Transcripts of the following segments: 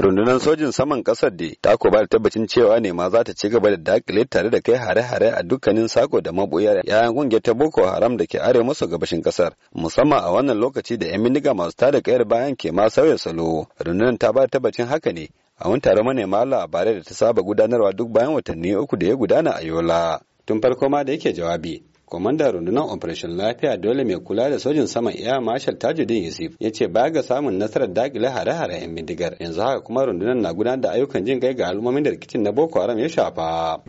rundunar sojin saman kasar da ta ko ba da tabbacin cewa ne ma za ta ci gaba da dakile tare da kai hare-hare a dukkanin sako da mabuya yayan kungiyar ta boko haram da ke arewa musu gabashin kasar musamman a wannan lokaci da yan bindiga masu tada kayar bayan ke ma sauya salo rundunar ta ba da tabbacin haka ne a wani taron manema labarai da ta saba gudanarwa duk bayan watanni uku da ya gudana a yola tun farko ma da yake jawabi Kwamandan rundunar Operation Lafiya dole mai kula da sojin saman Air Marshal tajudin Yusuf ya ce baya ga samun nasarar dakile hare-hare 'yan bindigar yanzu haka kuma rundunar na gudanar da ayyukan jin kai ga al'ummomin da rikicin na Boko Haram ya shafa.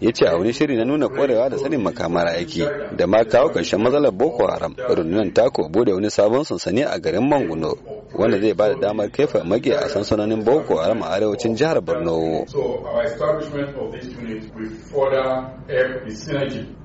Ya ce a wani shiri na nuna korewa da sanin makamar aiki da ma kawo ƙarshen matsalar Boko Haram rundunar ta ko bude wani sabon sansani a garin Manguno wanda zai ba da damar kai farmaki a sansanonin boko haram a arewacin jihar borno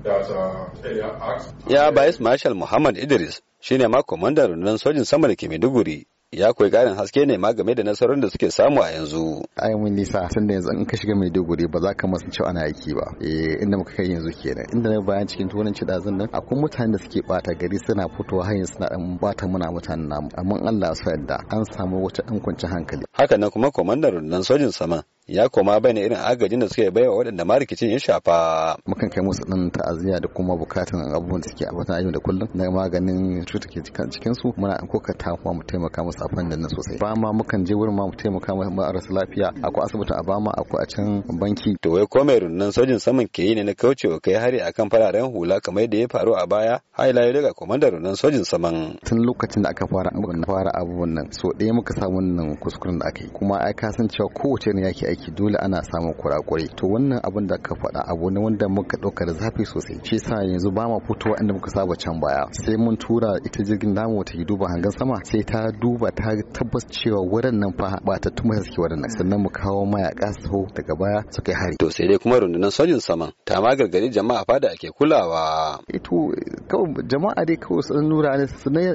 uh, ya bayis marshal muhammad idris shine ma kwamandan rundunar sojin sama da ke maiduguri ya koyi ƙarin haske ne ma game da nasarorin da suke samu a yanzu. Ai mun nisa tun da yanzu in ka shiga Maiduguri ba za ka masu cewa ana aiki ba. Eh inda muka kai yanzu kenan. Inda na bayan cikin turanci dazun nan akwai mutanen da suke bata gari suna fitowa hanyar suna dan bata muna mutanen namu. Amma Allah ya sa an samu wata dan kwanci hankali. Haka nan, kuma komandan rundunar sojin sama ya koma bane irin agajin da suke baiwa waɗanda ma rikicin ya shafa mukan kai musu ɗan ta'aziyya da kuma bukatun abubuwan da suke a wata ayyuka da kullum na maganin cuta ke cikin su muna kokata kuma mu taimaka musu a fannin nan sosai ba ma mukan je wurin ma mu taimaka musu marasa lafiya akwai asibiti a bama akwai a can banki to wai ko mai runnan sojin saman ke yi ne na kaucewa kai hari akan fararen hula kamar yadda ya faru a baya haila ya daga komandar runnan sojin saman tun lokacin da aka fara abubuwan fara abubuwan nan so ɗaya muka samu wannan kuskuren da aka yi kuma ai ka san cewa kowace ne yake aiki dole ana samun kurakure to wannan abin da ka faɗa abu ne wanda muka ɗauka da zafi sosai shi sa yanzu ba ma fitowa inda muka saba can baya sai mun tura ita jirgin namu ta duba hangen sama sai ta duba ta tabbas cewa wurin nan fa ba ta tuma suke wurin nan sannan mu kawo mayaka su daga baya su kai hari to sai dai kuma rundunar sojin saman ta ma gargadi jama'a fada ake kulawa ito eh kawai jama'a dai kawai sun nura ne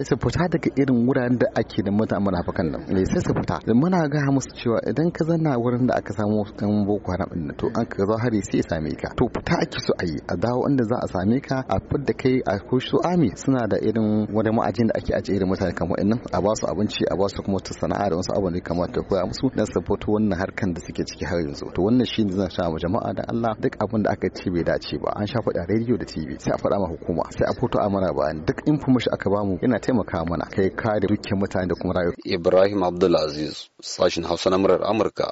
su fita daga irin wuraren da ake da mata munafukan nan eh, sai su fita muna ga musu cewa idan ka zanna wurin da aka ka samu yan boko haram din to an ka zo hari sai ya same ka to fita ake so a yi a dawo inda za a same ka a fidda kai a kushi su ami suna da irin wani ma'ajin da ake ajiye irin mutane kamar innan a ba su abinci a ba su kuma ta sana'a da wasu abubuwan da kamata ta koya musu dan support wannan harkan da suke ciki har yanzu to wannan shi ne zan sha jama'a da Allah duk abin da aka ce bai dace ba an sha faɗa rediyo da TV sai a faɗa ma hukuma sai a foto a mara bayan duk information aka bamu yana taimaka mana kai kare dukkan mutane da kuma rayuwa Ibrahim Abdulaziz sashin Hausa na murar Amurka